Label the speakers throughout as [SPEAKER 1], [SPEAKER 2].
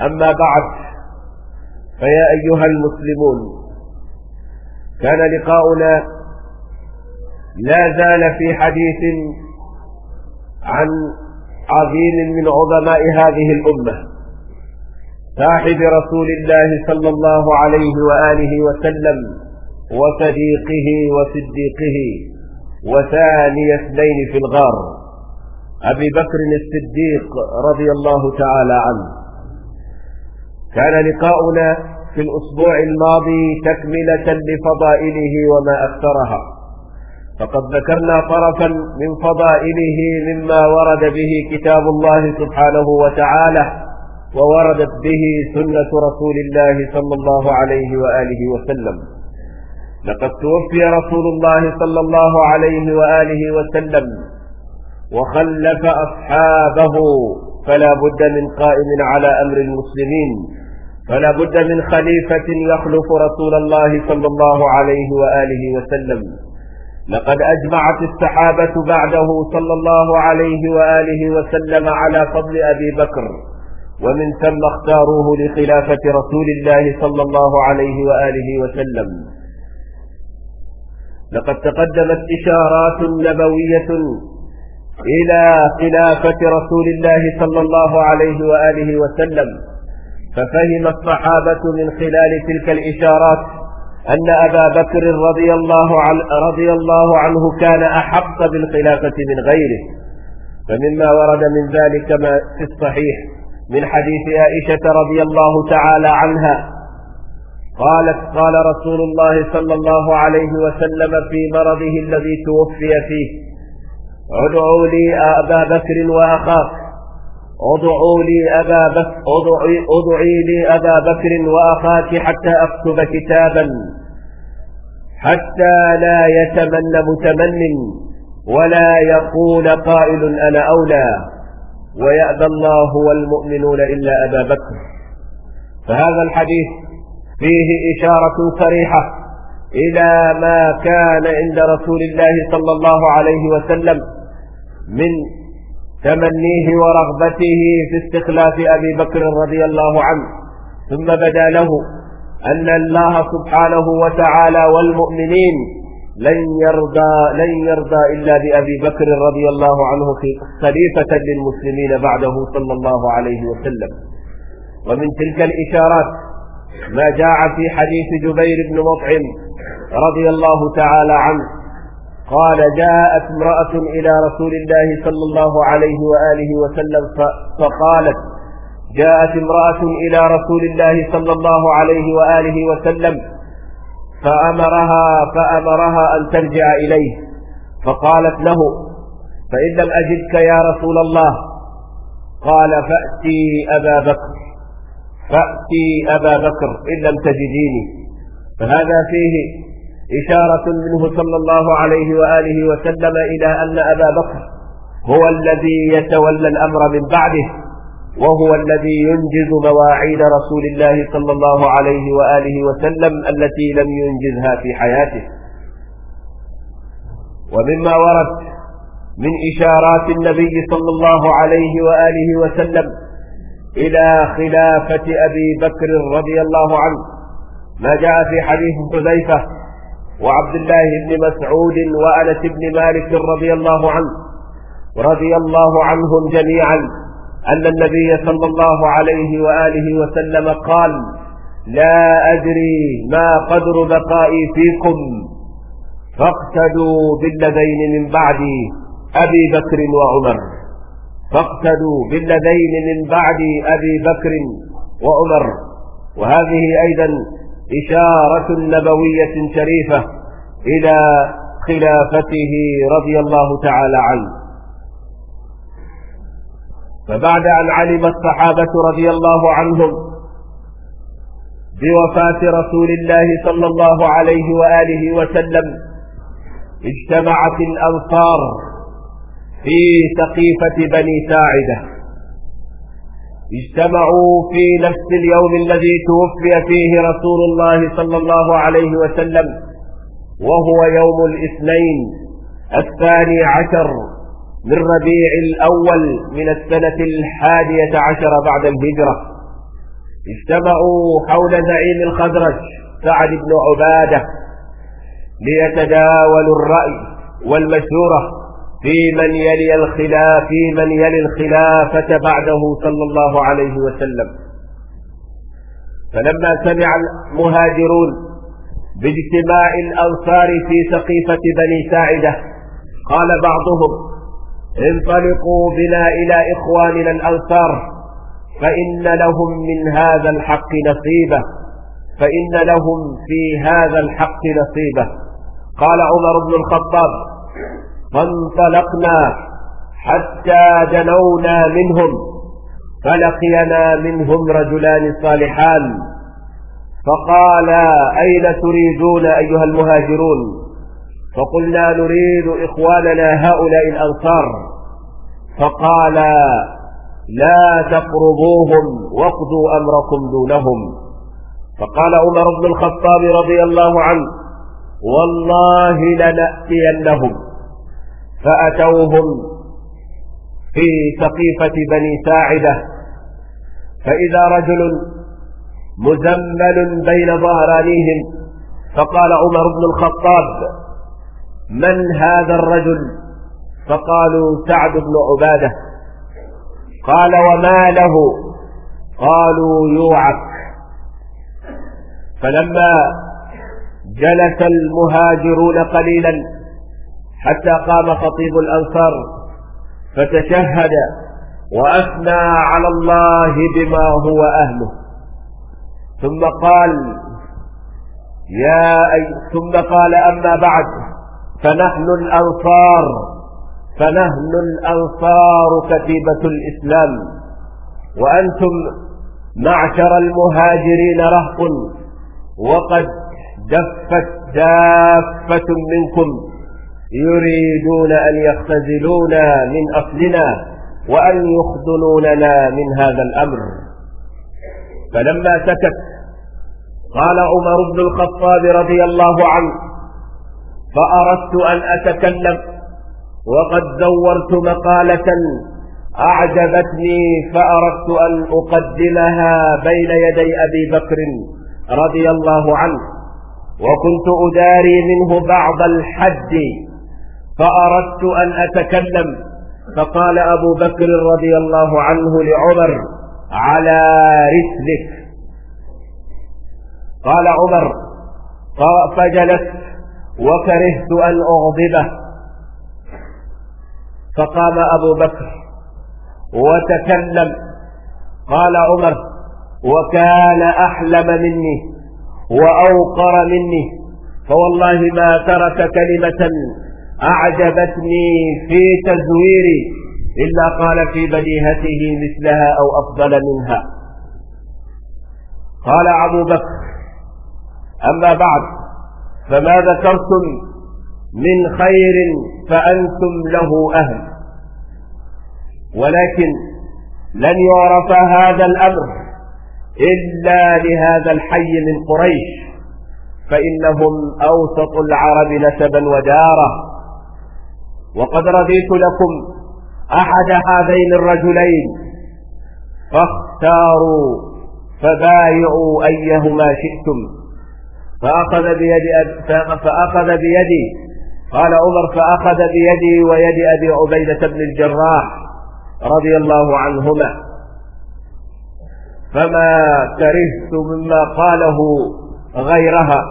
[SPEAKER 1] أما بعد فيا أيها المسلمون كان لقاؤنا لا زال في حديث عن عظيم من عظماء هذه الأمة صاحب رسول الله صلى الله عليه وآله وسلم وصديقه وصديقه وثاني اثنين في الغار أبي بكر الصديق رضي الله تعالى عنه كان لقاؤنا في الأسبوع الماضي تكملة لفضائله وما أكثرها فقد ذكرنا طرفا من فضائله مما ورد به كتاب الله سبحانه وتعالى ووردت به سنة رسول الله صلى الله عليه وآله وسلم لقد توفي رسول الله صلى الله عليه وآله وسلم وخلف أصحابه فلا بد من قائم على أمر المسلمين فلا بد من خليفة يخلف رسول الله صلى الله عليه وآله وسلم لقد أجمعت السحابة بعده صلى الله عليه وآله وسلم على فضل أبي بكر ومن ثم اختاروه لخلافة رسول الله صلى الله عليه وآله وسلم لقد تقدمت إشارات نبوية إلى خلافة رسول الله صلى الله عليه وآله وسلم ففهم الصحابة من خلال تلك الإشارات أن أبا بكر رضي الله, عن رضي الله عنه كان أحق بالخلافة من غيره فمما ورد من ذلك ما في الصحيح من حديث عائشة رضي الله تعالى عنها قالت قال رسول الله صلى الله عليه وسلم في مرضه الذي توفي فيه ادعوا لي أبا بكر وأخاه ادعوا لي أبا بكر ادعي, ادعي لي أبا بكر وأخاك حتى أكتب كتابا حتى لا يتمنى متمن ولا يقول قائل أنا أولى ويأبى الله والمؤمنون إلا أبا بكر فهذا الحديث فيه إشارة صريحة إلى ما كان عند رسول الله صلى الله عليه وسلم من تمنيه ورغبته في استخلاف أبي بكر رضي الله عنه ثم بدا له أن الله سبحانه وتعالى والمؤمنين لن يرضى لن يرضى إلا بأبي بكر رضي الله عنه خليفة للمسلمين بعده صلى الله عليه وسلم ومن تلك الإشارات ما جاء في حديث جبير بن مطعم رضي الله تعالى عنه قال جاءت امرأة إلى رسول الله صلى الله عليه وآله وسلم فقالت جاءت امرأة إلى رسول الله صلى الله عليه وآله وسلم فأمرها فأمرها أن ترجع إليه فقالت له فإن لم أجدك يا رسول الله قال فأتي أبا بكر فأتي أبا بكر إن لم تجديني فهذا فيه إشارة منه صلى الله عليه وآله وسلم إلى أن أبا بكر هو الذي يتولى الأمر من بعده وهو الذي ينجز مواعيد رسول الله صلى الله عليه وآله وسلم التي لم ينجزها في حياته ومما ورد من إشارات النبي صلى الله عليه وآله وسلم إلى خلافة أبي بكر رضي الله عنه ما جاء في حديث حذيفة وعبد الله بن مسعود وأنس بن مالك رضي الله عنه رضي الله عنهم جميعا أن النبي صلى الله عليه وآله وسلم قال لا أدري ما قدر بقائي فيكم فاقتدوا بالذين من بعدي أبي بكر وعمر فاقتدوا بالذين من بعد أبي بكر وعمر وهذه أيضا إشارة نبوية شريفة إلى خلافته رضي الله تعالى عنه فبعد أن علم الصحابة رضي الله عنهم بوفاة رسول الله صلى الله عليه وآله وسلم اجتمعت الأنصار في سقيفة بني ساعده اجتمعوا في نفس اليوم الذي توفي فيه رسول الله صلى الله عليه وسلم وهو يوم الاثنين الثاني عشر من ربيع الأول من السنة الحادية عشر بعد الهجرة اجتمعوا حول زعيم الخزرج سعد بن عبادة ليتداولوا الرأي والمشورة في من يلي الخلاف في من يلي الخلافة بعده صلى الله عليه وسلم فلما سمع المهاجرون باجتماع الأنصار في سقيفة بني ساعدة قال بعضهم انطلقوا بنا إلى إخواننا الأنصار فإن لهم من هذا الحق نصيبة فإن لهم في هذا الحق نصيبة قال عمر بن الخطاب فانطلقنا حتى دنونا منهم فلقينا منهم رجلان صالحان فقالا أين تريدون أيها المهاجرون فقلنا نريد إخواننا هؤلاء الأنصار فقالا لا تقربوهم واقضوا أمركم دونهم فقال عمر بن الخطاب رضي الله عنه والله لنأتينهم فأتوهم في سقيفة بني ساعدة فإذا رجل مزمل بين ظهرانيهم فقال عمر بن الخطاب من هذا الرجل فقالوا سعد بن عبادة قال وما له قالوا يوعك فلما جلس المهاجرون قليلا حتى قام خطيب الأنصار فتشهد وأثنى على الله بما هو أهله ثم قال يا أي ثم قال أما بعد فنحن الأنصار فنحن الأنصار كتيبة الإسلام وأنتم معشر المهاجرين رهق وقد دفت دافة منكم يريدون أن يختزلونا من أصلنا وأن يخذلوننا من هذا الأمر فلما سكت قال عمر بن الخطاب رضي الله عنه فأردت أن أتكلم وقد دورت مقالة أعجبتني فأردت أن أقدمها بين يدي أبي بكر رضي الله عنه وكنت أداري منه بعض الحد فأردت أن أتكلم فقال أبو بكر رضي الله عنه لعمر على رسلك قال عمر فجلست وكرهت أن أغضبه فقام أبو بكر وتكلم قال عمر وكان أحلم مني وأوقر مني فوالله ما ترك كلمة أعجبتني في تزويري إلا قال في بديهته مثلها أو أفضل منها قال أبو بكر أما بعد فما ذكرتم من خير فأنتم له أهل ولكن لن يعرف هذا الأمر إلا لهذا الحي من قريش فإنهم أوسط العرب نسبا وداره وقد رضيت لكم أحد هذين الرجلين فاختاروا فبايعوا أيهما شئتم فأخذ بيد فأخذ بيدي قال عمر فأخذ بيدي ويد أبي عبيدة بن الجراح رضي الله عنهما فما كرهت مما قاله غيرها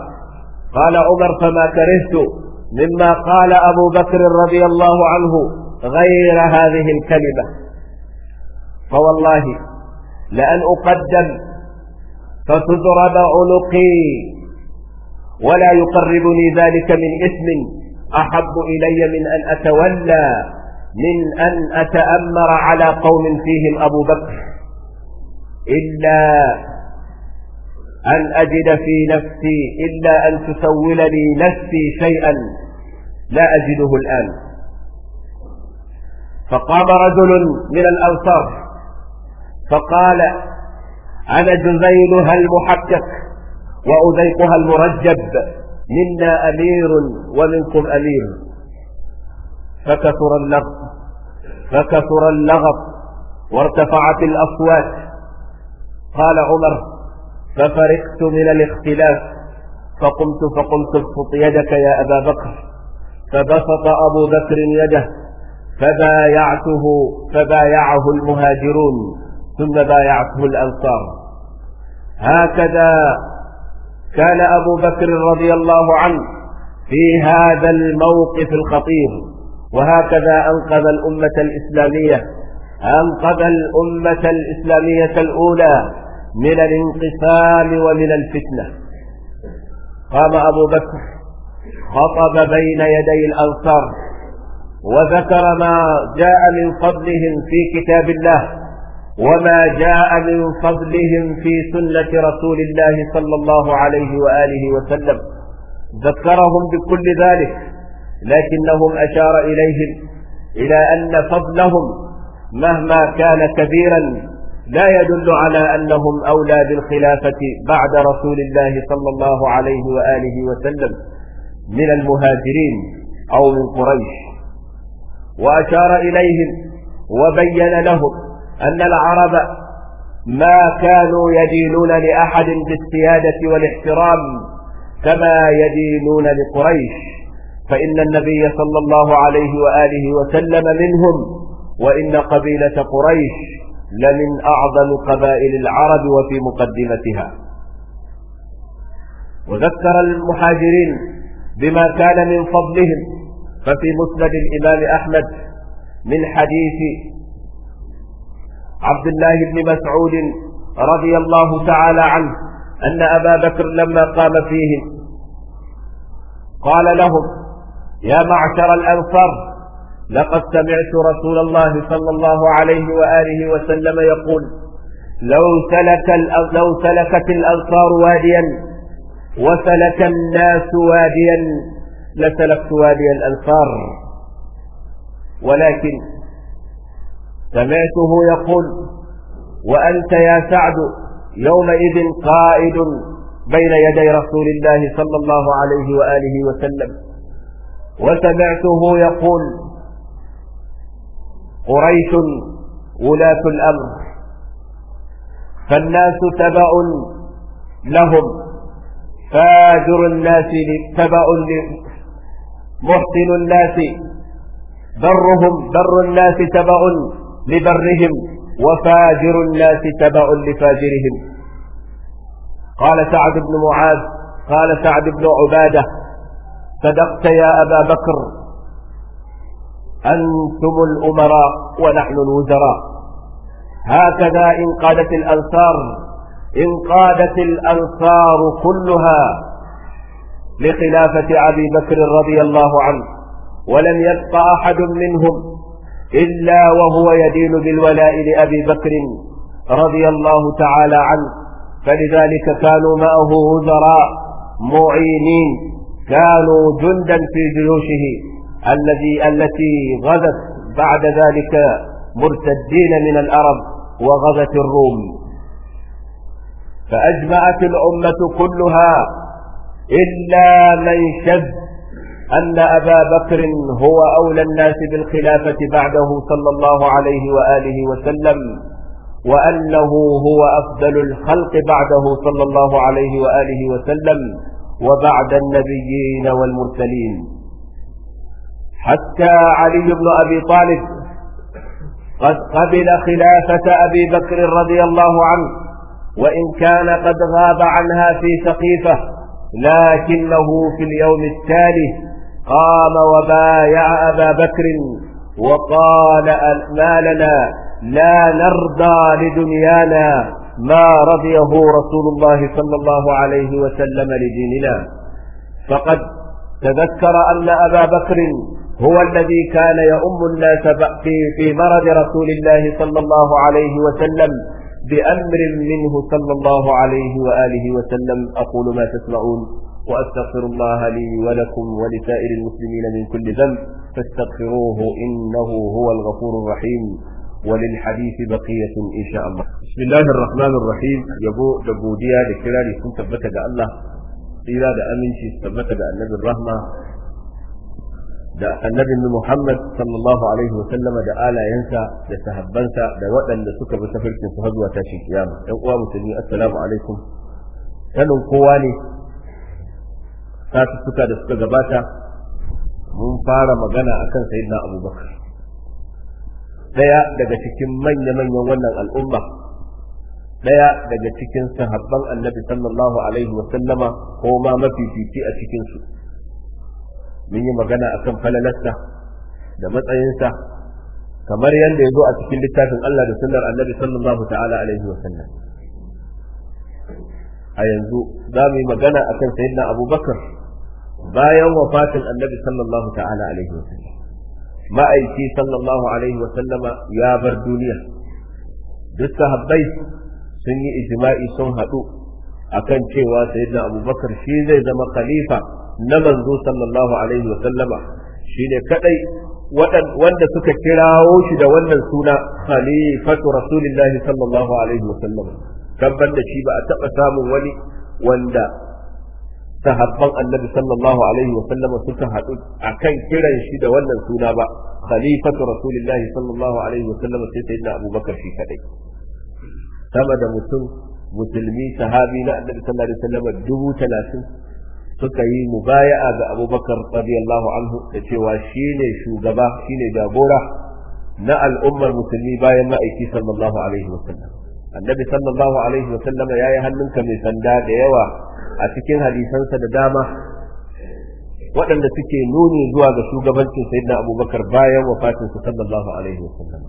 [SPEAKER 1] قال عمر فما كرهت مما قال أبو بكر رضي الله عنه غير هذه الكلمة فوالله لأن أقدم فتضرب عنقي ولا يقربني ذلك من إثم أحب إلي من أن أتولى من أن أتأمر على قوم فيهم أبو بكر إلا أن أجد في نفسي إلا أن تسول لي نفسي شيئا لا أجده الآن فقام رجل من الأنصار فقال أنا جزيلها المحقق وأذيقها المرجب منا أمير ومنكم أمير فكثر اللغط فكثر اللغط وارتفعت الأصوات قال عمر ففرقت من الاختلاف فقمت فقمت ابسط يدك يا أبا بكر فبسط أبو بكر يده فبايعته فبايعه المهاجرون ثم بايعته الأنصار هكذا كان أبو بكر رضي الله عنه في هذا الموقف الخطير وهكذا أنقذ الأمة الإسلامية أنقذ الأمة الإسلامية الأولى من الانقسام ومن الفتنة قام أبو بكر خطب بين يدي الأنصار وذكر ما جاء من فضلهم في كتاب الله وما جاء من فضلهم في سنة رسول الله صلى الله عليه وآله وسلم ذكرهم بكل ذلك لكنهم أشار إليهم إلى أن فضلهم مهما كان كبيرا لا يدل على أنهم أولى بالخلافة بعد رسول الله صلى الله عليه وآله وسلم من المهاجرين أو من قريش وأشار إليهم وبين لهم أن العرب ما كانوا يدينون لأحد بالسيادة والاحترام كما يدينون لقريش فإن النبي صلى الله عليه وآله وسلم منهم وإن قبيلة قريش لمن أعظم قبائل العرب وفي مقدمتها وذكر المهاجرين بما كان من فضلهم ففي مسند الإمام أحمد من حديث عبد الله بن مسعود رضي الله تعالى عنه أن أبا بكر لما قام فيهم قال لهم يا معشر الأنصار لقد سمعت رسول الله صلى الله عليه وآله وسلم يقول لو سلك لو سلكت الأنصار واديا وسلك الناس واديا لسلكت وادي الأنصار ولكن سمعته يقول وأنت يا سعد يومئذ قائد بين يدي رسول الله صلى الله عليه وآله وسلم وسمعته يقول قريش ولاة الأمر فالناس تبع لهم فاجر الناس تبع محسن الناس برهم بر الناس تبع لبرهم وفاجر الناس تبع لفاجرهم قال سعد بن معاذ قال سعد بن عبادة صدقت يا أبا بكر أنتم الأمراء ونحن الوزراء هكذا إن قادت الأنصار إن قادت الأنصار كلها لخلافة أبي بكر رضي الله عنه ولم يبق أحد منهم إلا وهو يدين بالولاء لأبي بكر رضي الله تعالى عنه فلذلك كانوا معه وزراء معينين كانوا جندا في جيوشه الذي التي غزت بعد ذلك مرتدين من العرب وغزت الروم فأجمعت الأمة كلها إلا من شذ أن أبا بكر هو أولى الناس بالخلافة بعده صلى الله عليه وآله وسلم وأنه هو أفضل الخلق بعده صلى الله عليه وآله وسلم وبعد النبيين والمرسلين حتى علي بن أبي طالب قد قبل خلافة أبي بكر رضي الله عنه وإن كان قد غاب عنها في سقيفة لكنه في اليوم التالي قام وبايع أبا بكر وقال ما لنا لا نرضى لدنيانا ما رضيه رسول الله صلى الله عليه وسلم لديننا فقد تذكر أن أبا بكر هو الذي كان يؤم الناس في مرض رسول الله صلى الله عليه وسلم بأمر منه صلى الله عليه وآله وسلم أقول ما تسمعون وأستغفر الله لي ولكم ولسائر المسلمين من كل ذنب فاستغفروه إنه هو الغفور الرحيم وللحديث بقية إن شاء الله بسم الله الرحمن الرحيم يبو دبوديا لكلالي بكد الله إذا دا أمنشي استبتك النبي الرحمة da annabin Muhammad sallallahu alaihi wasallama da alayensa da sahabbansa da waɗanda suka bi tafarkin su har zuwa tashin kiyama ɗan uwa musulmi assalamu alaikum sanin kowa ne suka da suka gabata mun fara magana akan sayyidina abubakar ɗaya daga cikin manya-manyan wannan al'umma ɗaya daga cikin sahabban annabi sallallahu alaihi wasallama ko ma mafifici a cikinsu mun yi magana akan falalarsa da matsayinsa kamar yadda ya zo a cikin littafin Allah da sunnar annabi sallallahu ta'ala alaihi wa sallam a yanzu za mu yi magana akan sayyidina abubakar bayan wafatin annabi sallallahu ta'ala alaihi wa sallam ma'aiki sallallahu alaihi wa sallama ya bar duniya duk sahabbai sun yi ijma'i sun haɗu akan cewa sayyidina abubakar shi zai zama khalifa na manzo sallallahu alaihi wa sallama shine kadai wanda suka kirawo shi da wannan suna khalifatu rasulillahi sallallahu alaihi wa sallama kan da shi ba a taba samun wani wanda sahabban annabi sallallahu alaihi wa sallama suka haɗu akan kiran shi da wannan suna ba khalifatu rasulillahi sallallahu alaihi wa sallama sai sayyidina abubakar shi kadai sama da mutum musulmi sahabi na annabi sallallahu alaihi wa sallama dubu talatin suka yi mubaya'a ga abubakar radiyallahu anhu da cewa ne shugaba shine jagora na al'ummar musulmi bayan ma'aiki sallallahu alaihi wasallam annabi sallallahu alaihi wasallam ya yi hannunka mai sanda da yawa a cikin hadisansa da dama waɗanda suke nuni zuwa ga shugabancin sayyidina abubakar bayan wafatinsa sallallahu alaihi wasallam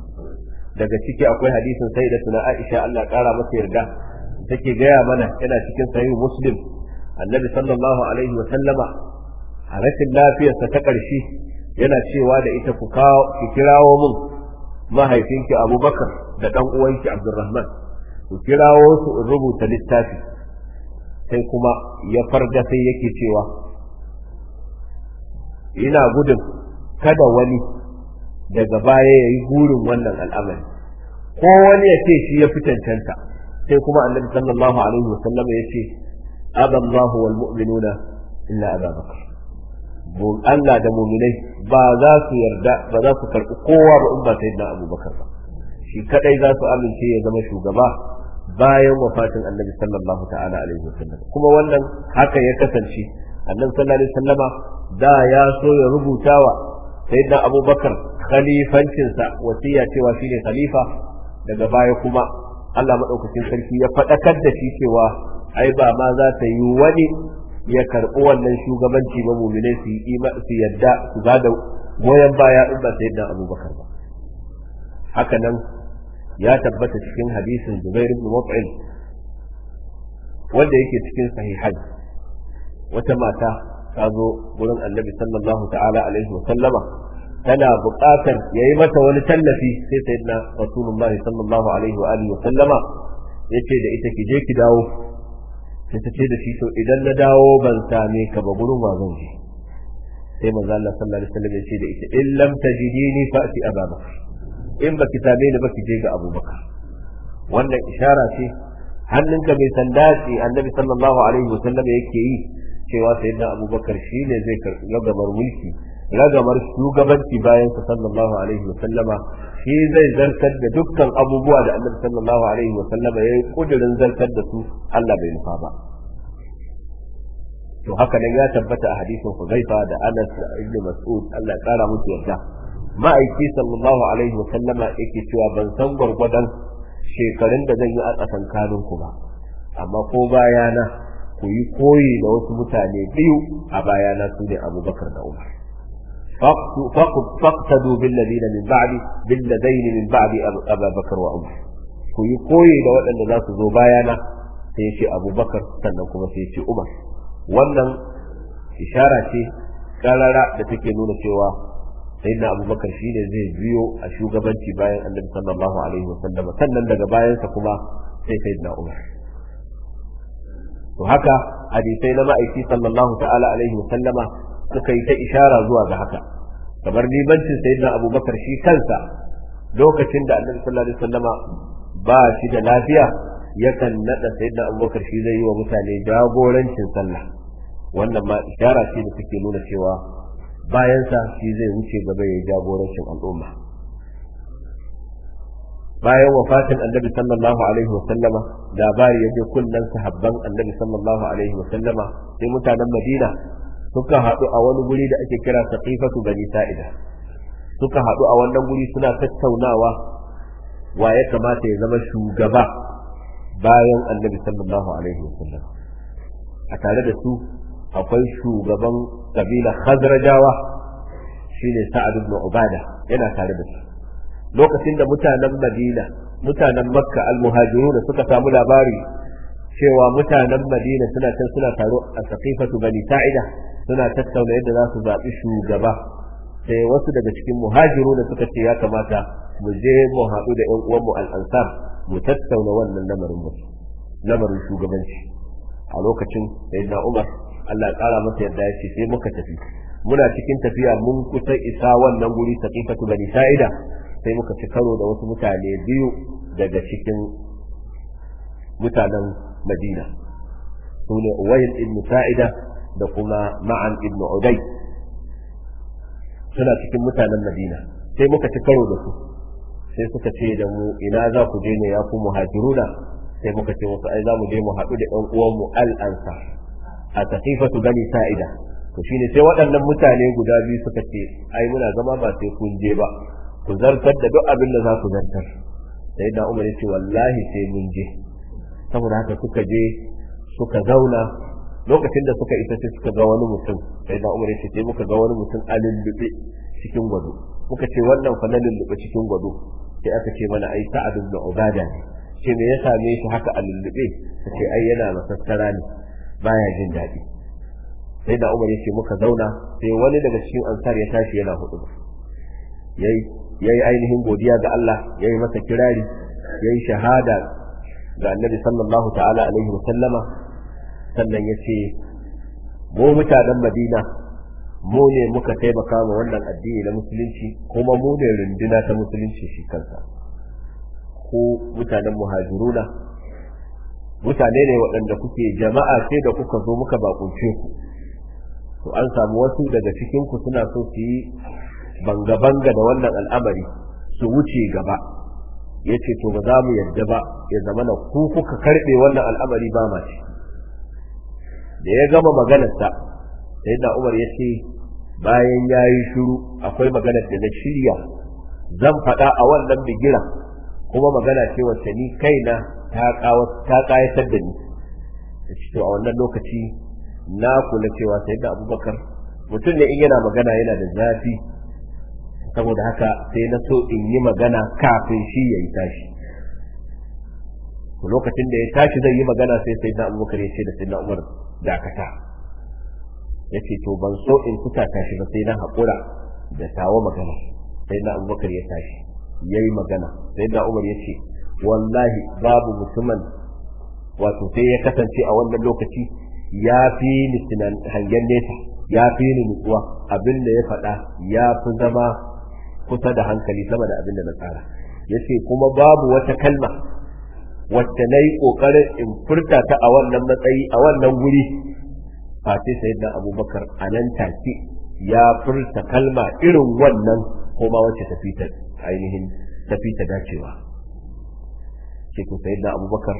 [SPEAKER 1] daga ciki akwai hadisin sayyidatuna aisha Allah ya kara masa yarda take gaya mana yana cikin sahih muslim annabi sallallahu alaihi wa sallama a rashin lafiyarsa ta ƙarshe yana cewa da ita ku kirawo mun mahaifinki abubakar da ɗan uwanki abdurrahman ku kirawo su in rubuta littafi sai kuma ya farga sai yake cewa ina gudun kada wani daga baya ya yi gurin wannan al'amari ko wani ya ce shi ya fi cancanta sai kuma annabi sallallahu alaihi wa sallama ya ce aba Allah wal illa Aba Bakar Allah da mu'minai ba za su yarda ba za su karɓi kowa ba in ba sayyidina Abu Bakar ba shi kadai za su amince ya zama shugaba bayan wafatin Annabi sallallahu ta'ala kuma wannan haka ya kasance Annabi sallallahu alaihi wasallama da ya so ya rubutawa sayyidina Abu abubakar khalifancinsa wasiya cewa shine khalifa daga baya kuma Allah maɗaukakin sarki ya faɗakar da shi cewa ai ba ma za ta yi wani ya karɓi wannan shugabanci ba muminai su yi su yadda su ba da goyon baya in ba dan abubakar ba haka nan ya tabbata cikin hadisin zubair ibn mut'im wanda yake cikin sahihai wata mata ta zo wurin annabi sallallahu ta'ala alaihi wa sallama tana buƙatar ya yi mata wani tallafi sai sayyidina rasulullahi sallallahu alaihi wa alihi wa sallama yace da ita ki je ki dawo sai ta ce da shi to idan na dawo ban same ka ba gurin wa zan je sai manzo Allah sallallahu alaihi wasallam ya ce da ita in lam tajidini ati ababa in ba ki same ni ba ki je ga abubakar wannan ishara ce hannunka mai sanda ce annabi sallallahu alaihi wasallam yake yi cewa sayyidina abubakar ne zai karɓi gabar mulki ragamar shugabanci bayan sa sallallahu alaihi wasallama shi zai zartar da dukkan abubuwa da annabi sallallahu alaihi wa sallama yayi kudirin zartar da su Allah bai nufa ba to haka nan ya tabbata a hadisin Huzaifa da Anas da Ibn Mas'ud Allah ya kara musu yarda ma'aiki sallallahu alaihi wa sallama yake cewa ban san gwargwadon shekarun da zan yi a kanin ku ba amma ko bayana ku yi koyi da wasu mutane biyu a bayana su ne Abubakar da Umar faqtadu bil ladina min ba'di bil ladaini min ba'di abubakar wa ku yi koyi da waɗanda za su zo bayana sai ya abubakar sannan kuma sai ya umar wannan ishara ce karara da take nuna cewa sayyidina abubakar shine zai biyo a shugabanci bayan annabi sallallahu alaihi wasallam sannan daga bayansa kuma sai sayyidina umar to haka hadisai na ma'aiki sallallahu suka yi ta ishara zuwa ga haka kamar limancin abu abubakar shi kansa lokacin da annabi sallallahu alaihi wasallama ba shi da lafiya yakan nada abu abubakar shi zai yi wa mutane jagorancin sallah wannan ma ishara ce da take nuna cewa bayansa shi zai wuce gaba ya jagorancin al'umma bayan wafatin annabi sallallahu alaihi wa labari ya je kunnen sahabban annabi sallallahu alaihi wasallama sai mutanen madina suka haɗu a wani guri da ake kira saqifatu bani sa'ida suka haɗu a wannan guri suna tattaunawa wa ya kamata ya zama shugaba bayan annabi sallallahu alaihi wasallam a tare da su akwai shugaban kabila khazrajawa shine sa'ad ibn ubada yana tare da su lokacin da mutanen madina mutanen makka almuhajiruna suka samu labari cewa mutanen madina suna can suna taro a saqifatu bani sa'ida suna tattauna yadda za su zaɓi shugaba sai wasu daga cikin muhajiru da suka ce ya kamata mu je mu haɗu da ƴan uwanmu al'ansar mu tattauna wannan lamarin mu lamarin shugabanci a lokacin sayyidina Umar Allah ya ƙara masa yadda ya ce sai muka tafi muna cikin tafiya mun kusa isa wannan guri saqifatu bani sa'ida sai muka ci karo da wasu mutane biyu daga cikin mutanen Madina sune Uwayl ibn Sa'ida da kuma ma'an ibn udai suna cikin mutanen madina sai muka ci karo da su sai suka ce da mu ina za ku je ne ya ku muhajiruna sai muka ce musu ai za mu je mu haɗu da ɗan uwanmu al ansar a taqifatu bani sa'ida to shine sai waɗannan mutane guda biyu suka ce ai muna zama ba sai kun je ba ku zartar da duk abin da za ku zartar sai da umar ce wallahi sai mun je saboda haka suka je suka zauna lokacin da suka isa sai suka ga wani mutum sai na umar yace sai muka ga wani mutum a lullube cikin gwado muka ce wannan fa na lullube cikin gwado sai aka ce mana ai sa'ad ibn ubada ne ce me ya same shi haka a lullube ce ai yana masassara ne baya jin daɗi sai da umar yace muka zauna sai wani daga cikin ansar ya tashi yana hudu yayi yayi ainihin godiya ga Allah yayi masa kirari yayi shahada ga annabi sallallahu ta'ala alaihi wa sallama sannan ya ce mu mutanen madina mu ne muka taimaka ma wannan addini na musulunci kuma mu ne runduna ta musulunci shi kansa ko mutanen muhajiruna mutane ne waɗanda kuke jama'a sai da kuka zo muka bakunce ku to an samu wasu daga cikinku suna so su yi banga-banga da wannan al'amari su wuce gaba ya ce to ba za mu yarda ba ya zama na ku kuka karɓe wannan al'amari ba ma shi. da ya gama maganarsa sai da umar ya ce bayan ya yi shuru akwai maganar da na shirya zan faɗa a wannan bigira kuma magana ce wacce ni kaina ta ƙayatar da ni da a wannan lokaci na kula cewa sai da abubakar mutum ne in yana magana yana da zafi saboda haka sai na so in yi magana kafin shi ya yi tashi lokacin da ya tashi zai yi magana sai sai na abubakar ya ce da sai na umar dakata ya to ban so in kuta tashi ba sai na haƙura da tawo magana sai na abubakar ya tashi ya yi magana sai da umar ya ce wallahi babu mutumin wato sai ya kasance a wannan lokaci ya fi ni hangen nesa ya fi ni nutsuwa abin da ya faɗa ya fi zama kusa da hankali sama da abin da na tsara yace kuma babu wata kalma wacce na yi ƙoƙarin in furta ta a wannan matsayi a wannan guri sai Sayidina abubakar a nan take ya furta kalma irin wannan koma wacce tafi ta ainihin tafi ta dacewa ce ko abubakar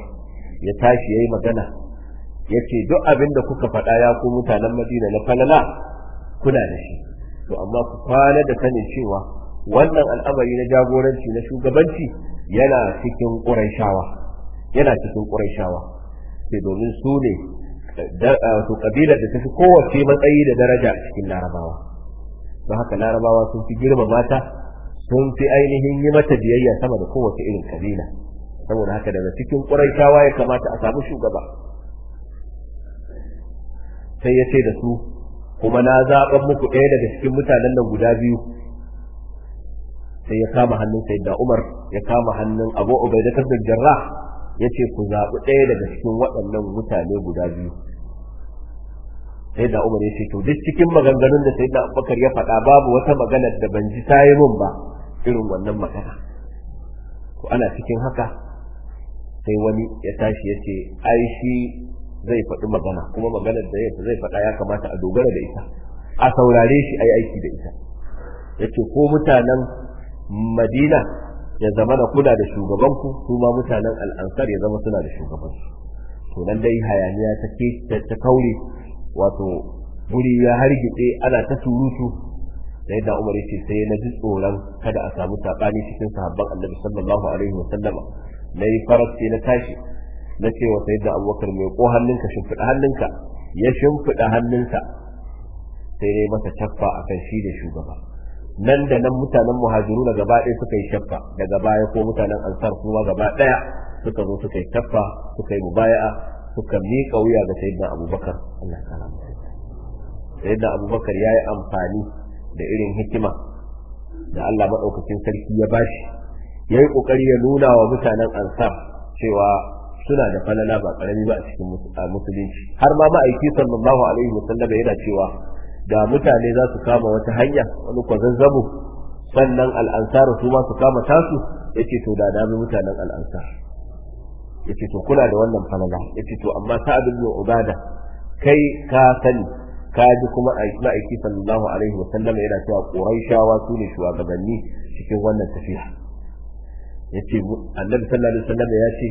[SPEAKER 1] ya tashi ya yi magana ya ce duk abin da kuka faɗa ya ku mutanen madina na falala kuna da shi to amma ku kwana da sanin cewa wannan al'amari na jagoranci na shugabanci yana cikin shawa yana cikin ƙurashawa sai domin su ne su ƙabila da fi kowace matsayi da daraja a cikin larabawa don haka larabawa sun fi girma mata sun fi ainihin yi mata biyayya sama da kowace irin ƙabila, saboda haka daga cikin ƙurashawa ya kamata a samu shugaba sai ya ce da su kuma na zaɓar muku ɗaya daga cikin mutanen nan guda biyu sai ya kama hannun sayyidina Umar ya kama hannun Abu ubaidatar da Jarrah ya ce ku zaɓi ɗaya daga cikin waɗannan mutane guda biyu sai da umar ya ce to duk cikin maganganun da sai da abubakar ya faɗa babu wata maganar da ban ji ta yi mun ba irin wannan magana Ko ana cikin haka sai wani ya tashi ya ce ai shi zai faɗi magana kuma maganar da zai faɗa ya kamata a dogara da ita a saurare shi ai aiki da ita ya ce ko mutanen madina ya zama da kuna da shugabanku kuma mutanen al'ansar ya zama suna da shugabansu to nan dai hayaniya ta ke ta kaure wato guri ya hargitse ana ta surutu da yadda Umar yace sai na ji tsoron kada a samu sabani cikin sahabban Annabi sallallahu alaihi wa sallama nayi farat na tashi na ce wa sayyidina Abubakar mai ko hannunka shimfida hannunka ya shimfida hannunka sai dai masa caffa akan shi da shugaba nan da nan mutanen na gaba ɗaya suka yi shafa daga baya ko mutanen ansar kuma gaba ɗaya suka zo suka yi shaffa suka yi mubaya'a suka miƙa wuya ga sayyidina abubakar Allah ya sayyidina abubakar ya yi amfani da irin hikima da Allah maɗaukakin sarki ya bashi ya yi ƙoƙari ya nuna wa mutanen ansar cewa suna da falala ba ƙarami ba a cikin musulunci har ma ma'aiki sallallahu alaihi wasallam yana cewa da mutane za su kama wata hanya wani kwazazzabo sannan al'ansar su ma su kama tasu yace to da dami mutanen al'ansar yace to kula da wannan falala yace to amma sa'ad ibn ubada kai ka sani ka ji kuma ma'aiki sallallahu alaihi wasallam yana cewa quraishawa su ne shugabanni cikin wannan tafiya yace annabi sallallahu alaihi wasallam ya ce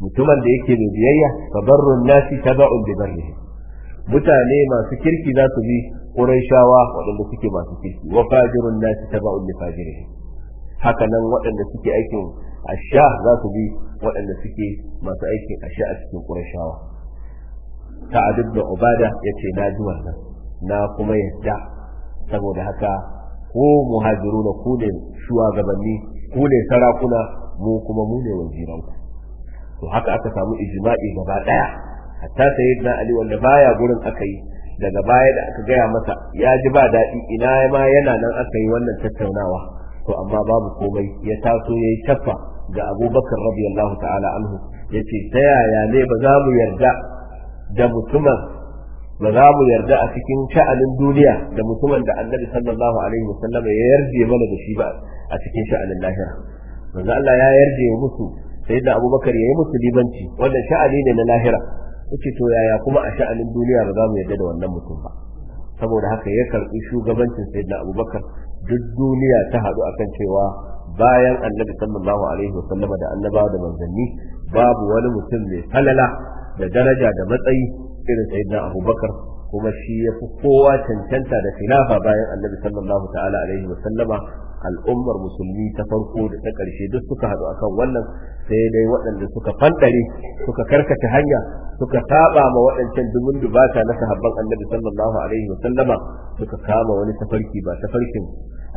[SPEAKER 1] mutumin da yake mai biyayya fa barrun nasi tabu'un bi barrihi mutane masu kirki za su bi shawa waɗanda suke masu kirki wa fajirun nasi taba'un li fajirihim haka nan waɗanda suke aikin asha za su bi waɗanda suke masu aikin asha a cikin shawa. Qurayshawa da Obada Ubada ce na ji wannan na kuma yadda saboda haka ko da ku ne shugabanni ku ne sarakuna mu kuma mu ne to haka aka samu ijma'i gaba ɗaya. hatta sayyidina ali wanda baya gurin aka yi daga baya da aka gaya masa ya ji ba daɗi ina ma yana nan aka yi wannan tattaunawa to amma babu komai ya taso ya yi tafa ga abubakar radiyallahu ta'ala anhu ya ce ta yaya ne ba za mu yarda da mutumin ba za mu yarda a cikin sha'anin duniya da mutumin da annabi sallallahu alaihi wasallam ya yarje mana da shi ba a cikin sha'anin lahira manzo Allah ya yarje musu sai da abubakar ya yi musu libanci wannan sha'ani ne na lahira yace to yaya kuma a sha'anin duniya ba za mu yarda da wannan mutum ba saboda haka ya karbi shugabancin sayyidina abubakar duk duniya ta haɗu akan cewa bayan annabi sallallahu alaihi wa sallama da annaba da manzanni babu wani mutum mai falala da daraja da matsayi irin sayyidina abubakar kuma shi ya fi kowa cancanta da khilafa bayan annabi sallallahu ta'ala alaihi wa sallama al'ummar musulmi ta farko da ta ƙarshe duk suka haɗu akan wannan sai dai waɗanda suka fandare suka karkata hanya suka saba ma waɗancan dubun dubata na sahabban annabi sallallahu alaihi wa sallama suka kama wani tafarki ba tafarkin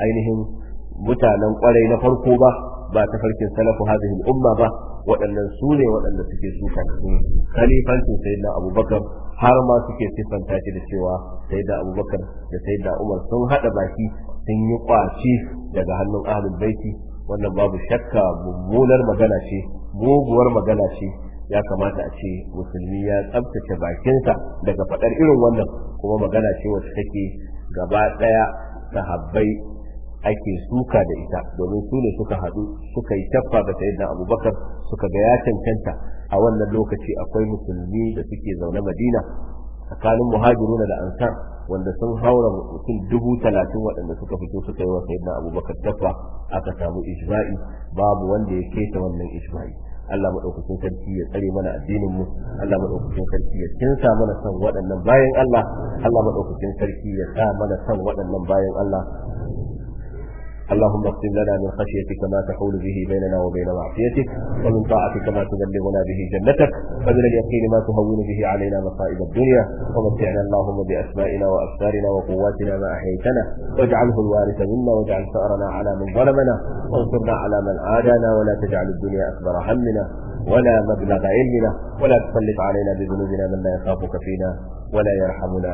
[SPEAKER 1] ainihin mutanen kwarai na farko ba ba ta farkin salafu hadhihi umma ba waɗannan su ne waɗanda suke suka khalifancin sayyidina abubakar har ma suke sifanta shi da cewa sayyidina abubakar da sayyidina umar sun hada baki sun yi kwaci daga hannun ahlul baiti wannan babu shakka mummunar magana ce muguwar magana ce ya kamata a ce musulmi ya tsabtace bakinsa daga faɗar irin wannan kuma magana ce wacce take gaba ɗaya sahabbai ake suka da ita domin su ne suka haɗu suka yi taffa ga sayyidina abubakar suka ga ya cancanta a wannan lokaci akwai musulmi da suke zaune madina tsakanin muhajiruna da ansar wanda sun haura mutum dubu talatin waɗanda suka fito suka yi wa sayyidina abubakar taffa aka samu ijma'i babu wanda ya keta wannan ijma'i Allah maɗaukakin sarki ya tsare mana addinin mu Allah maɗaukakin sarki ya kinsa mana son waɗannan bayan Allah Allah maɗaukakin sarki ya sa mana son waɗannan bayan Allah اللهم اقسم لنا من خشيتك ما تحول به بيننا وبين معصيتك ومن طاعتك ما تبلغنا به جنتك ومن اليقين ما تهون به علينا مصائب الدنيا ومتعنا اللهم بأسمائنا وأبصارنا وقواتنا ما أحييتنا واجعله الوارث منا واجعل ثأرنا على من ظلمنا وانصرنا على من عادانا ولا تجعل الدنيا أكبر همنا ولا مبلغ علمنا ولا تسلط علينا بذنوبنا من لا يخافك فينا ولا يرحمنا